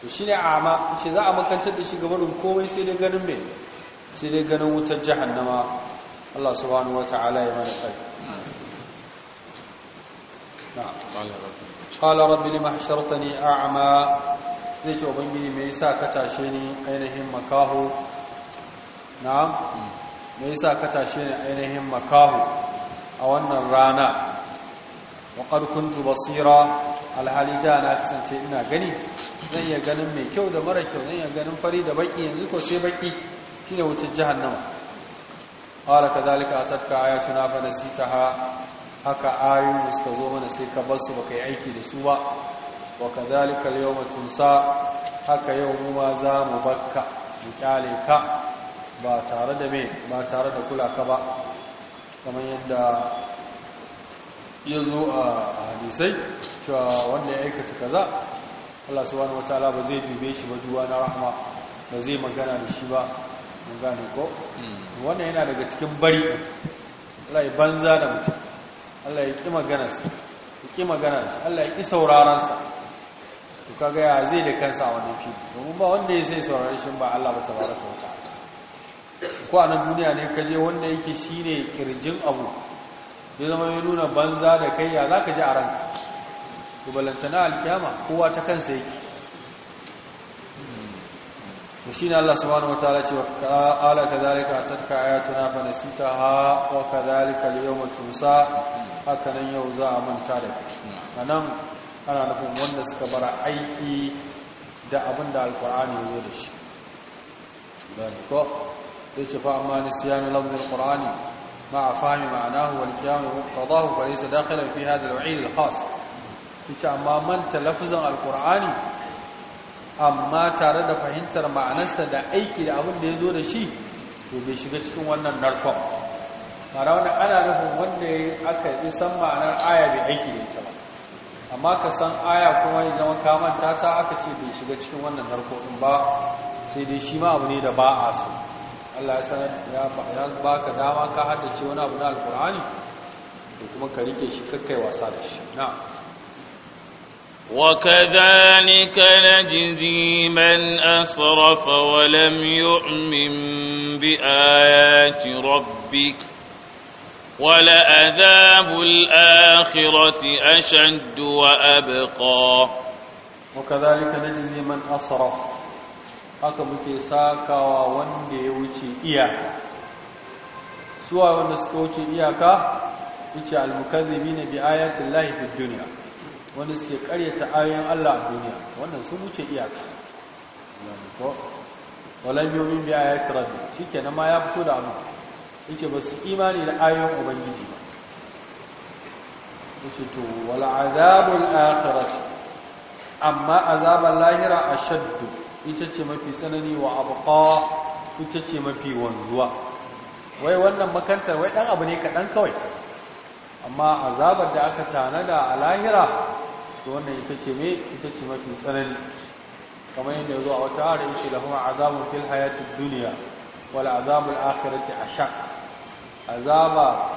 to shi ne ama za a makantar da shi gabanin komai sai dai ganin mai sai dai ganin wutar jahannama Allah subhanahu wa ta'ala ya mana tsari qala rabbi lima hashartani a'ma zai ce ubangiji me yasa ka tashe ni ainihin makaho na'am me yasa ka tashe ni ainihin makaho a wannan rana wa qad kuntu basira alhalida na kasance ina gani zan iya ganin mai kyau da mara kyau zan iya ganin fari da baki yanzu ko sai baki shine wutar jahannama qala kadhalika atatka ayatuna fa nasitaha haka ayoyin suka zo mana sai ka bar su baka yi aiki da su ba wa ka al-yawma tunsa haka yau kuma za mu bakka mu kyale ka ba tare da me ba tare da kula ka ba kamar yadda ya zo a hadisai cewa wanda ya aikata kaza Allah subhanahu wataala ba zai dube shi ba duwa na rahama ba zai magana da shi ba mun gane ko hmm. wannan yana daga cikin bari rai banza da mutum Allah ya ƙi maganarsa ya ƙi maganarsa Allah ya ƙi saurarensa to kaga ya zai da kansa a wani fili domin ba wanda ya sai saurare shi ba Allah ba ta wa ta'ala ko a nan duniya ne ka je wanda yake shine kirjin abu ya zama ya nuna banza da kai ya zaka ji a ranka to balantana alkiyama kowa ta kansa yake to shine Allah subhanahu wataala ce ala kadhalika atatka ayatuna fa nasitaha wa kadhalika al-yawma tunsa haka nan yau za a manta da A nan ana nufin wanda suka bara aiki da abin da alkur'ani ya zo da shi gani ko zai ce fa amma ni siyanu lafzin alkur'ani ma a fahimi ma'anahu wal kiyamu qadahu fa laysa dakhilan fi hadha al-wa'id al-khas ita amma manta lafzin alkur'ani amma tare da fahimtar ma'anarsa da aiki da abin da ya zo da shi to bai shiga cikin wannan narkon mara wani ana nufin wanda ya aka san ma'anar aya bai aiki da ita ba amma ka san aya kuma ya zama kamanta ta aka ce bai shiga cikin wannan harkokin ba sai dai shi ma abu ne da ba a so Allah ya ya ba ka dama ka haddace wani abu na alkur'ani da kuma ka rike shi kakkai wasa da shi na'am وكذلك نجزي من أسرف ولم يؤمن بآيات ربك ولعذاب الآخرة أشد وأبقى وكذلك نجزي من أصرف haka muke sakawa wanda ya wuce iyaka suwa wanda suka wuce iyaka wuce almukazibi ne bi ayatin lahifin duniya wanda suke karyata ayoyin Allah a duniya wannan sun wuce iyaka shi kenan ma ya fito da abu yake ba su imani da ayon ubangiji ba yake to wala azabul akhirati amma azabul lahira ashaddu ita ce mafi tsanani wa abqa ita ce mafi wanzuwa wai wannan makantar wai dan abu ne kadan kawai amma azabar da aka tanada a lahira to wannan ita ce me ita ce mafi tsanani kamar yadda zo a wata hari shi lahum azabun fil hayatid dunya wal azabul akhirati ashaq azaba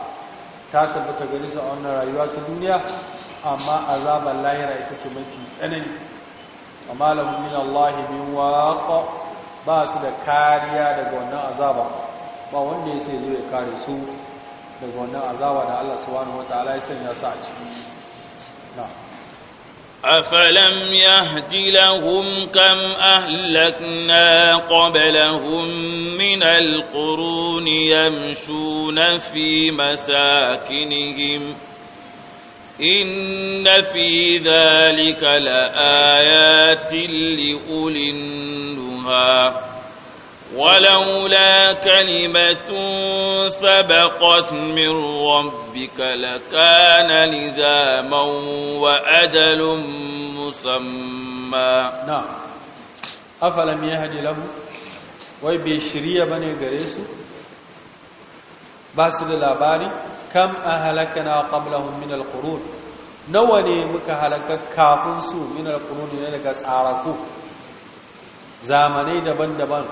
ta tabbata ganisa su a wannan rayuwa ta duniya amma azabar lahira ita ce mafi tsanani amma lahum min min waq ba su da kariya daga wannan azaba ba wanda ya sai zo ya kare su daga wannan azaba da Allah subhanahu wataala ya sanya su a ciki na'am أفلم يهد لهم كم أهلكنا قبلهم من القرون يمشون في مساكنهم إن في ذلك لآيات لأولي النهى ولولا كلمة سبقت من ربك لكان لزاما وأجل مسمى نعم أفلم يهد له ويبشري بني قريس باسل الأباري كم أهلكنا قبلهم من القرون نواني مكهلك كافنسو من القرون لنك سعركو زامني دبن دبن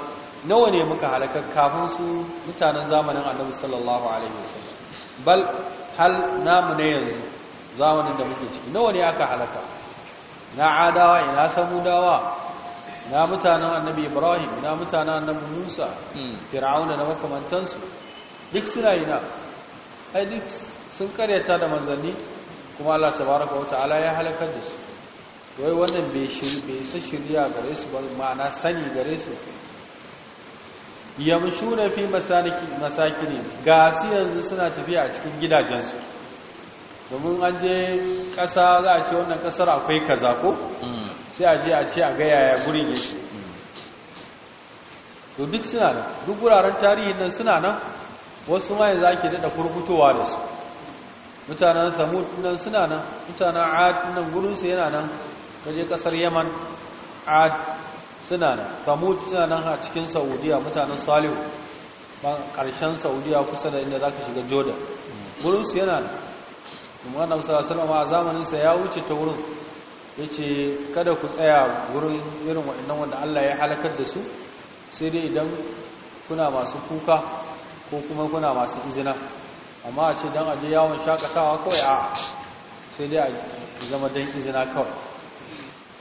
nawa ne muka halaka kafin su mutanen zamanin annabi sallallahu alaihi wasallam bal hal namu ne yanzu zamanin da muke ciki nawa ne aka halaka na adawa ina samudawa na mutanen annabi ibrahim na mutanen annabi musa hmm. fir'auna da makamantansu duk suna ina ai duk sun karyata da manzanni kuma Allah tabaraka wa ta'ala ya halakar da su wai wannan bai bai isa shirya gare su ba ma'ana sani gare su na fi masakini ga su yanzu suna tafiya a cikin gidajensu domin an je ƙasa za a ce wannan ƙasar akwai kaza ko hmm. sai a je a ce a ga yaya guri ne. to duk suna nan duk wuraren tarihin nan suna nan wasu ma za ke daɗa kurkutowa da su mutanen samud nan suna nan mutanen ad nan gurinsu yana nan kaje ƙasar yaman ad suna nan samud suna nan a cikin saudiya mutanen salihu ƙarshen saudiya kusa da inda za ka shiga jordan wurinsu yana nan kuma annabi sallallahu a zamaninsa ya wuce ta wurin ya ce kada ku tsaya wurin irin waɗannan wanda Allah ya halakar da su sai dai idan kuna masu kuka ko kuma kuna masu izina amma a ce don je yawon shakatawa kawai a sai dai a zama don izina kawai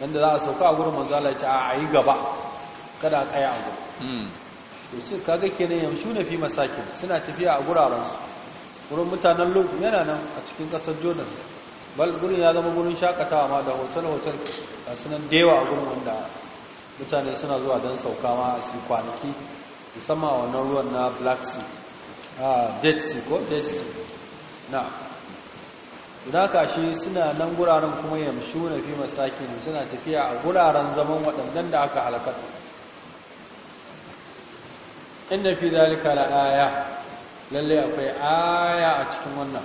wanda za a sauka a gurin manzo a yi gaba kada a tsaya a gurin hmm. to sai kaga kenan yamshu na fi masakin suna tafiya a gurarensu. Wurin mutanen Lut yana nan a cikin kasar Jordan bal gurin ya zama gurin shakatawa ma da hotel hotel a sunan dewa a gurin wanda mutane suna zuwa don sauka ma a su kwanaki musamman a wannan ruwan na Black Sea ah Dead Sea ko Dead Sea na da kashi suna nan guraren kuma yamshu na fi masakin suna tafiya a guraren zaman waɗannan da aka halakar inda fi zalika la'aya lalle akwai aya a cikin wannan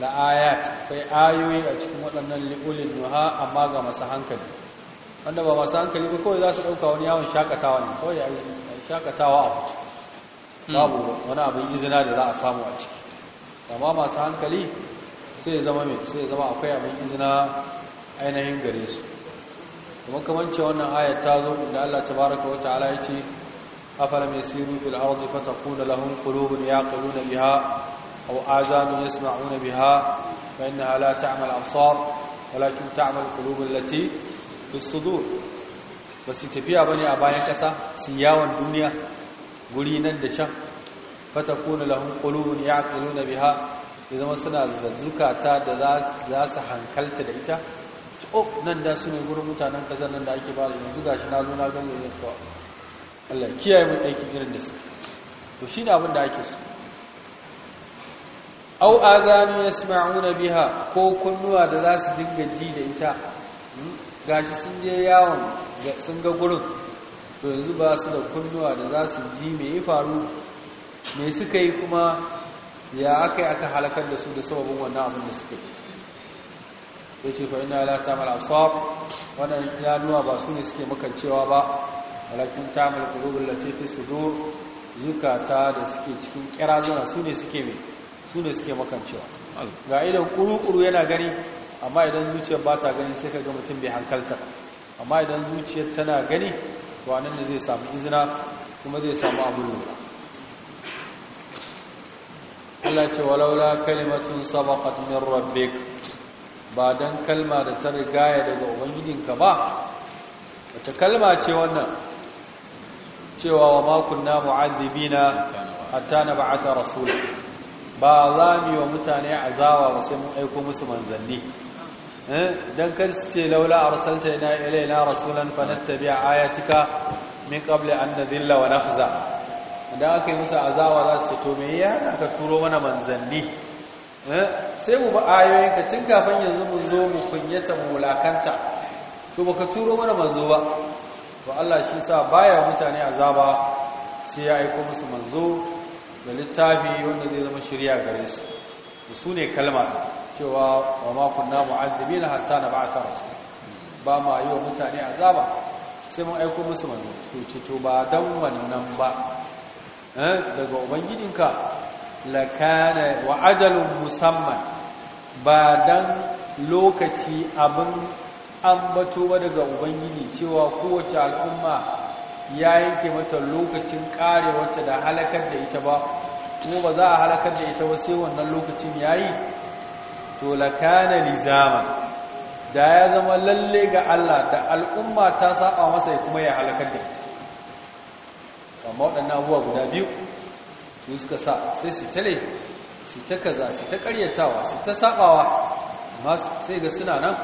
la'ayat akwai ayoyi a cikin waɗannan li'ulin nuha amma ga masu hankali wanda ba masu hankali ba kawai za su ɗauka wani yawon shakatawa ne kawai a shakatawa a hutu babu wani abin izina da za a samu a ciki amma masu hankali sai zama mai sai zama akwai abin izina ainihin gare su kuma kamance wannan ayat ta zo inda Allah tabaraka wa ta'ala ya ce afalam yasiru fil ardi fatakuna lahum qulubun yaquluna biha aw azanun yasma'una biha fa innaha la ta'mal absar walakin ta'mal qulubul lati fis sudur basu tafiya bane a bayan kasa su yawon duniya guri nan da can fatakuna lahum qulubun yaquluna biha ya zama suna da zukata da za su hankalta da ita o oh, nan da su ne gurin mutanen kaza nan da ake ba da yanzu gashi na zo na gan mu yanzu Allah kiyaye mu aiki irin da su to shi abin da ake so au azanu yasma'una biha ko kunnuwa da za su dinga ji da ita hmm? gashi sun je yawon sun ga gurin to yanzu ba su da kunnuwa da za su ji me ya faru me suka yi kuma ya aka yi aka halakar da su da sababin wannan abin da suke ya ce fa ina la tamal absar wannan idanuwa ba su ne suke makancewa ba ta tamal qulubul lati fi sudur zukata da suke cikin zuwa su ne suke mai su ne suke makancewa ga idan kuru-kuru yana gani amma idan zuciyar ba ta gani sai ka ga mutum bai hankalta amma idan zuciyar tana gani to nan da zai samu izina kuma zai samu abu Allah ce walaula kalimatun sabaqat min rabbik ba dan kalma da ta rigaya daga ubangijinka ba wata kalma ce wannan cewa wa ma kunna mu'adhibina hatta nab'atha rasula ba za mu yi wa mutane azawa ba sai mun aiko musu manzanni eh? dan kar su ce laula arsalta ina ilaina rasulan fanattabi'a ayatika min qabli an nadilla wa nahza da aka yi musu azawa za su to me ya ka turo mana manzanni eh, sai mu ba ka tun kafin yanzu mu zo mu kunyata mu mulakanta to ba ka turo mana manzo ba to Allah shi sa baya mutane azaba sai ya aiko musu manzo da littafi wanda zai zama shirya gare su da su ne kalmar cewa wa ma kunna mu'azzibina hatta nab'atha rasul ba ma yi wa mutane azaba sai mun aiko musu manzo to ce to ba dan wannan ba Eh, daga ubangijinka lakana wa ajalun musamman ba dan lokaci abin ambato ba daga ubangiji cewa kowace al'umma ya yanke mata lokacin kare wacce da halakar da ita ba kuma ba za a halakar da ita ba sai wannan lokacin ya yi? to lakana lizama da ya zama lalle ga Allah da al'umma ta saba masa kuma ya halakar da ita amma waɗannan abubuwa guda biyu su suka sa sai su tale su ta kaza su ta karyatawa su ta sabawa masu sai ga suna nan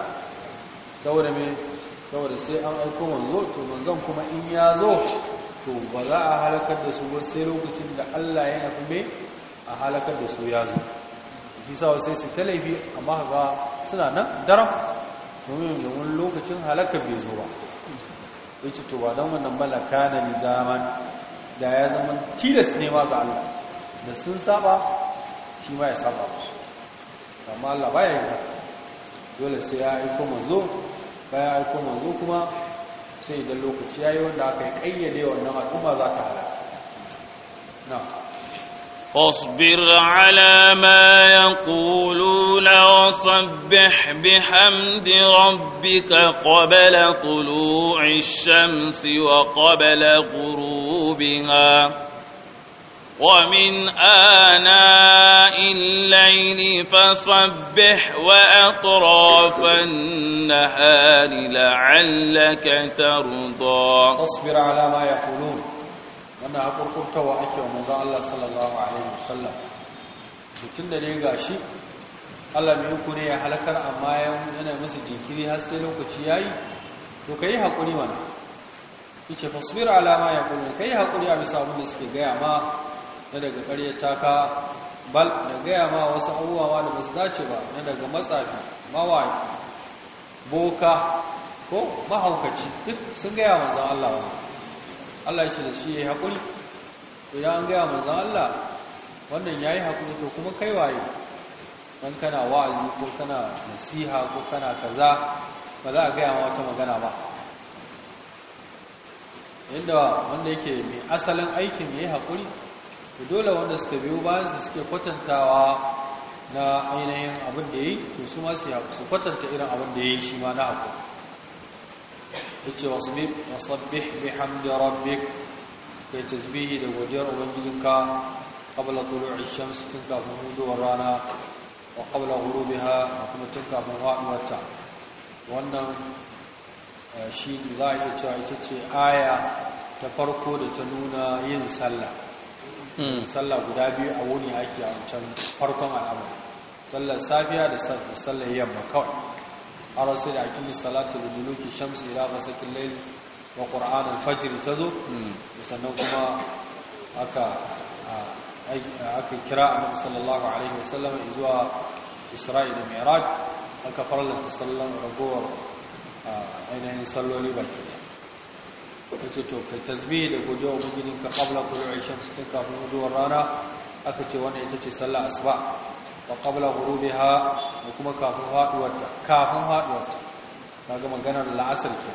saboda mai saboda sai an aiko manzo to manzon kuma in ya zo to ba za a halakar da su ba sai lokacin da Allah ya nafi mai a halakar da su ya zo shi sawa sai su ta laifi amma ga suna nan daram domin da wani lokacin halakar bai zo ba yace to ba don wannan malaka na nizaman da ya zama tilas ne ma ga Allah da sun saba shi ma ya saba musu amma Allah baya yi dole sai ya aiko manzo baya aiko manzo kuma sai idan lokaci ya yi wanda aka yi kayyade wannan al'umma za ta halaka فاصبر على ما يقولون وسبح بحمد ربك قبل طلوع الشمس وقبل غروبها ومن آناء الليل فصبح وأطراف النهار لعلك ترضى فاصبر على ما يقولون wannan hakurkurtawa ake wa manzan Allah sallallahu alaihi wasallam mutum da ne ga shi Allah mai uku ne ya halakar amma yana musu jinkiri har sai lokaci ya yi. to ka wani hakuri ce yace alama ya ma Ka yi hakuri a bisa abin da suke gaya ma na daga ƙaryata ka bal da gaya ma wasu abubuwa da basu dace ba na daga matsafi mawaki boka ko mahaukaci duk sun gaya manzan Allah wani Allah shi da shi ya yi haƙuri to ya an gaya manzan Allah wannan ya yi haƙuri to kuma kai waye don kana wa'azi ko kana nasiha ko kana kaza ba za a gaya ma wata magana ba inda wanda yake mai asalin aikin ya yi haƙuri to dole wanda suka biyo su suke kwatantawa na ainihin abin da ya yi to su ma su kwatanta irin abin da ya yi shi ma na haƙuri yace wasbih wasabbih bihamdi rabbik kai tasbihi da godiyar ubangijinka qabla tulu'i shams tun kafin huduwar rana wa qabla ghurubiha kuma tun kafin faduwarta wannan eh, shi za a iya cewa ita ce aya ta farko da ta nuna yin sallah hmm. sallah guda biyu a wuni ake a wancan farkon al'amari sallar safiya da sallar yamma kawai har sai da akimi salatu da duluki shamsu ila gasakin laili wa ƙura'an alfajir ta zo sannan kuma aka kira annabi sallallahu alaihi wasallam zuwa isra'i mai mi'raj aka farlanta sallan ragowar ainihin salloli baki da ya ce to ka tasbi da godiya ka kabla kulu'ai shamsu tun kafin guduwar rana aka ce wannan ita ce sallah asuba wa qabla ha, da kuma kafin haduwarta kafin haduwarta kaga maganar la'asar ke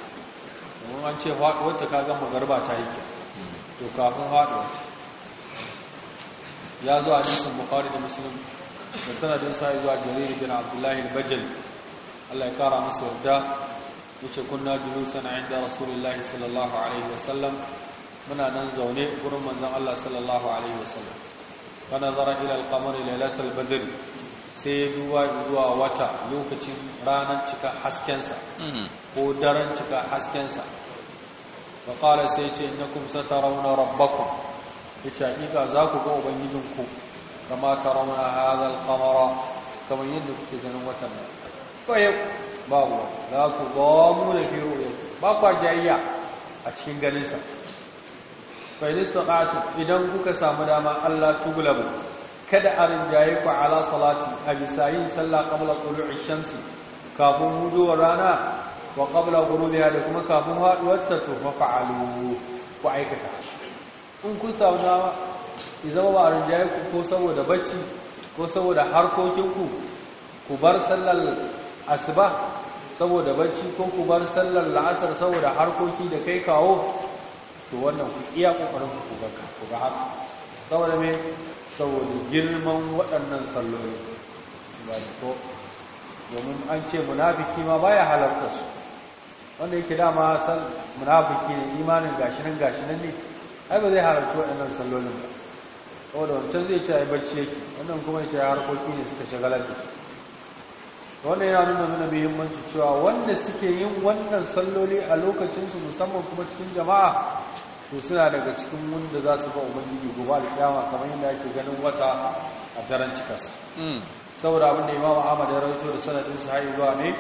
domin an ce ka kaga magarba ta yi ke to kafin haduwarta ya zo a hadisin bukhari da musulun. da sanadin sa zuwa jarir bin abdullahi al Allah ya kara musu yarda yace kunna julusan da rasulullahi sallallahu alaihi wasallam muna nan zaune gurin manzon Allah sallallahu alaihi wasallam fa nazara ila al lailatul badr sai ya duba zuwa wata lokacin ranar cika sa ko daren cika haskensa wa qala sai ce innakum satarawna rabbakum yace hakika za ku ga ubangijinku kama tarawna hadha al-qamara kamar yadda kuke ganin watan nan fa babu za ku ga mu da fiye ba kwa jayya a cikin ganinsa fainistaqatu idan kuka samu dama Allah tuglabu kada a rinjaye ku ala salati a bisa yin sallah qabla tulu'i shamsi kafin huduwar rana wa qabla ghurubiha da kuma kafin haduwar to mafa fa'alu ku aikata in kun samu dama idan ba a rinjaye ku ko saboda bacci ko saboda harkokinku ku bar sallar asuba saboda bacci ko ku bar sallar la'asar saboda harkoki da kai kawo to wannan ku iya kokarin ku ga ku ga haka saboda me saboda girman waɗannan salloli ba ko domin an ce munafiki ma baya halarta su wanda yake dama san munafiki ne imanin gashinan gashinan ne ai ba zai halarci waɗannan sallolin ba saboda wancan zai ce ai bacci yake wannan kuma ya ce harkoki ne suka shagalar da shi wannan yana nuna mana muhimmanci cewa wanda suke yin wannan salloli a lokacinsu musamman kuma cikin jama'a to suna daga cikin wanda za su ba ubangiji gobe kyawa kamar yadda ake ganin wata a daren cikas hmm. saboda abin da imamu ahmad ya rawaito da sanadin sa har zuwa ne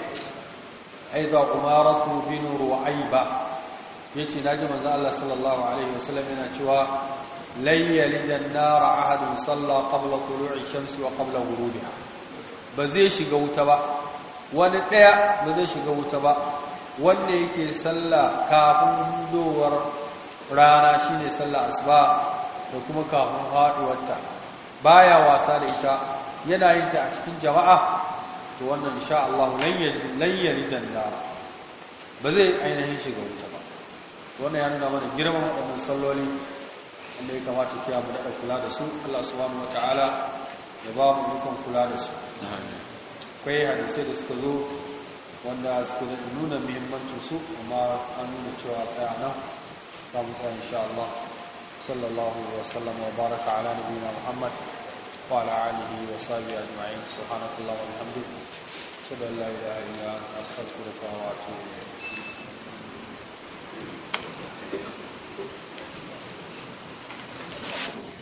ai zuwa umaratu bin ru'aiba yace naji manzo Allah sallallahu alaihi wasallam yana cewa layyali jannara ahadun salla qabla tulu'i shamsi wa qabla ghurubiha ba zai shiga wuta ba wani ɗaya ba zai shiga wuta ba wanda yake sallah kafin hudowar rana shine sallah asuba da kuma kafin ba baya wasa da ita yana yin ta a cikin jama'a to wannan sha Allah lan janda ba zai ainihin shiga wuta ba wannan ya nuna mana girman wannan salloli wanda ya kamata kiyaye da kula da su Allah subhanahu wataala ya ba mu kula da su akwai hadisai da suka zo wanda suka nuna muhimmancin su amma an nuna cewa tsaya nan za mu tsaya insha Allah sallallahu wa sallam wa baraka ala nabiyina Muhammad wa ala alihi wa sahbihi ajma'in subhanallahi wa bihamdihi sallallahu alaihi wa sallam astaghfiruka wa atubu ilayk Thank you.